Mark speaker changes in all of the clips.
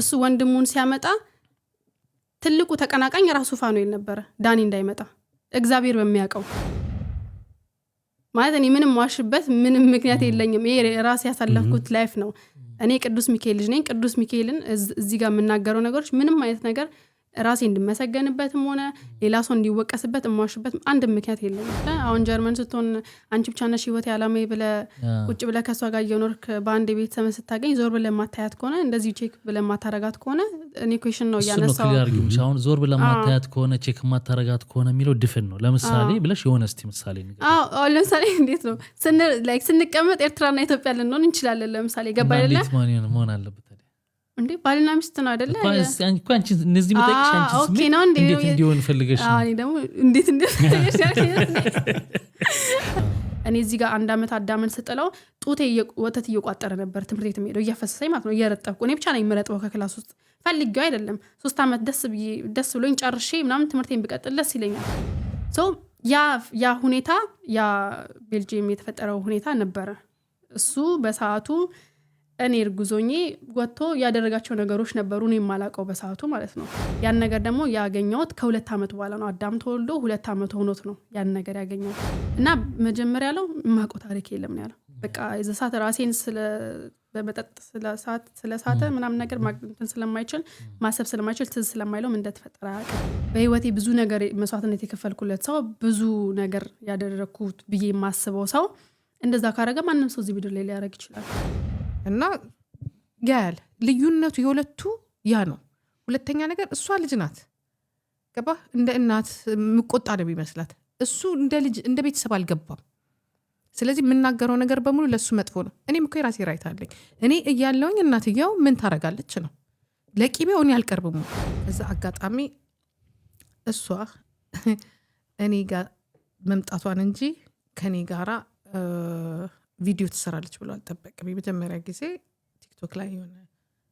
Speaker 1: እሱ ወንድሙን ሲያመጣ ትልቁ ተቀናቃኝ ራሱ ፋኖል ነበረ፣ ዳኒ እንዳይመጣ እግዚአብሔር በሚያውቀው ማለት እኔ ምንም ዋሽበት ምንም ምክንያት የለኝም። ይሄ ራሴ ያሳለፍኩት ላይፍ ነው። እኔ ቅዱስ ሚካኤል ልጅ ነኝ። ቅዱስ ሚካኤልን እዚህ ጋር የምናገረው ነገሮች ምንም አይነት ነገር ራሴ እንድመሰገንበትም ሆነ ሌላ ሰው እንዲወቀስበት እማዋሽበት አንድ ምክንያት የለም። አሁን ጀርመን ስትሆን አንቺ ብቻ ነሽ ህይወት ያላማ ብለ ቁጭ ብለ ከእሷ ጋር እየኖርክ በአንድ ቤተሰብ ስታገኝ ዞር ብለህ ማታያት ከሆነ እንደዚሁ ቼክ ብለህ ማታረጋት ከሆነ እኔ ኩዌሽን ነው
Speaker 2: እያነሳሁን። ዞር ብለህ ማታያት ከሆነ ቼክ ማታረጋት ከሆነ የሚለው ድፍን ነው። ለምሳሌ ብለሽ የሆነ እስኪ ምሳሌ
Speaker 1: ለምሳሌ እንዴት ነው ስንቀመጥ ኤርትራና ኢትዮጵያ ልንሆን እንችላለን። ለምሳሌ
Speaker 2: ገባ አይደለ መሆን አለበት
Speaker 1: እንዴ ባልና ሚስት ነው አደለ?
Speaker 2: እነዚህ መጠቅሽ እንዲሆን ፈልገሽ
Speaker 1: ደግሞ እንዴት እኔ እዚህ ጋር አንድ ዓመት አዳመን ስጥለው ጡቴ ወተት እየቋጠረ ነበር። ትምህርት ቤት የሚሄደው እያፈሰሰኝ ማለት ነው፣ እየረጠብኩ እኔ ብቻ ነው የምረጥበው ከክላስ ውስጥ ፈልጌው አይደለም። ሶስት ዓመት ደስ ብሎኝ ጨርሼ ምናምን ትምህርቴን ብቀጥል ደስ ይለኛል። ያ ሁኔታ ያ ቤልጅየም የተፈጠረው ሁኔታ ነበረ እሱ በሰዓቱ እኔ እርጉዞኜ ወጥቶ ያደረጋቸው ነገሮች ነበሩ እኔ የማላውቀው በሰዓቱ ማለት ነው። ያን ነገር ደግሞ ያገኘሁት ከሁለት ዓመት በኋላ ነው። አዳም ተወልዶ ሁለት ዓመት ሆኖት ነው ያን ነገር ያገኘሁት እና መጀመሪያ ያለው የማውቀው ታሪክ የለም ነው ያለው። በቃ የዛ ሰዓት ራሴን በመጠጥ ስለሳተ ምናምን ነገር ማግኘትን ስለማይችል ማሰብ ስለማይችል ትዝ ስለማይለውም እንደተፈጠረ አያውቅም። በህይወቴ ብዙ ነገር መስዋዕትነት የከፈልኩለት ሰው፣ ብዙ ነገር ያደረግኩት ብዬ የማስበው ሰው እንደዛ ካረገ ማንም ሰው እዚህ ምድር ላይ ሊያደርግ ይችላል።
Speaker 3: እና ያያል ልዩነቱ የሁለቱ ያ ነው። ሁለተኛ ነገር እሷ ልጅ ናት፣ ገባ እንደ እናት የምቆጣ ነው ይመስላት። እሱ እንደ ልጅ እንደ ቤተሰብ አልገባም። ስለዚህ የምናገረው ነገር በሙሉ ለእሱ መጥፎ ነው። እኔም እኮ የራሴ ራይት አለኝ። እኔ እያለውኝ እናትየው ምን ታረጋለች ነው ለቂቤው እኔ አልቀርብም። እዛ አጋጣሚ እሷ እኔ ጋር መምጣቷን እንጂ ከኔ ጋራ ቪዲዮ ትሰራለች ብሎ አልጠበቅም። የመጀመሪያ ጊዜ ቲክቶክ ላይ የሆነ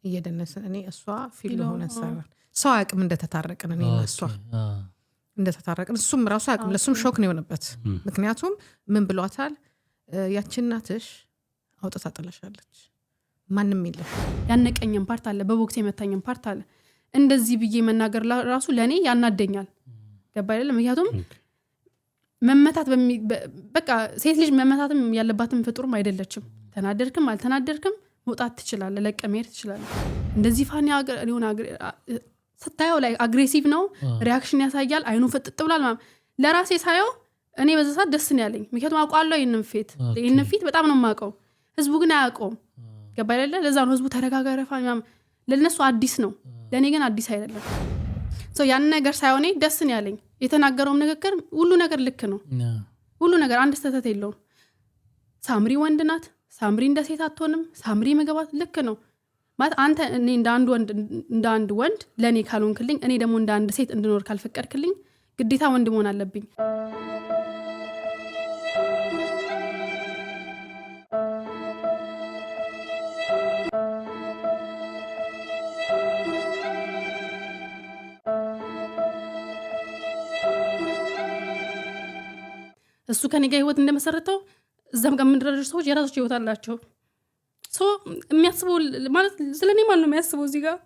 Speaker 3: እየደነስን እኔ እሷ ፊልም ሆነ ሰራን። ሰው አያውቅም እንደተታረቅን እኔ እሷ እንደተታረቅን እሱም ራሱ አያውቅም። ለእሱም ሾክ ነው የሆነበት። ምክንያቱም ምን ብሏታል? ያችን እናትሽ አውጥታ ጥለሻለች፣ ማንም የለሽ።
Speaker 1: ያነቀኝም ፓርት አለ፣ በቦክስ የመታኝም ፓርት አለ። እንደዚህ ብዬ መናገር ራሱ ለእኔ ያናደኛል። ገባ አይደለም ምክንያቱም መመታት በቃ ሴት ልጅ መመታትም ያለባትም ፍጡርም አይደለችም። ተናደርክም አልተናደርክም መውጣት ትችላለ፣ ለቀህ መሄድ ትችላለህ። እንደዚህ ፋኒ ሆነ ስታየው ላይ አግሬሲቭ ነው፣ ሪያክሽን ያሳያል፣ አይኑ ፍጥጥ ብሏል። ለራሴ ሳየው እኔ በዛ ሰዓት ደስ ነው ያለኝ፣ ምክንያቱም አውቃለሁ ይህንን ፊት ይህንን ፊት በጣም ነው የማውቀው። ህዝቡ ግን አያውቀውም። ገባ አይደለ? ለዛ ነው ህዝቡ ተረጋጋረ ለነሱ አዲስ ነው፣ ለእኔ ግን አዲስ አይደለም። ያን ነገር ሳይሆኔ ደስ ነው ያለኝ የተናገረውም ንግግር ሁሉ ነገር ልክ ነው። ሁሉ ነገር አንድ ስተተት የለውም። ሳምሪ ወንድ ናት። ሳምሪ እንደ ሴት አትሆንም። ሳምሪ ምግባት ልክ ነው ማለት አንተ እኔ እንደ አንድ ወንድ እንደ አንድ ወንድ ለእኔ ካልሆንክልኝ፣ እኔ ደግሞ እንደ አንድ ሴት እንድኖር ካልፈቀድክልኝ ግዴታ ወንድ መሆን አለብኝ። እሱ ከኔ ጋር ህይወት እንደመሰረተው እዛም ጋር የምንደረደር ሰዎች የራሳቸው ህይወት አላቸው። የሚያስበው ማለት ስለኔ ማን ነው የሚያስበው እዚህ ጋር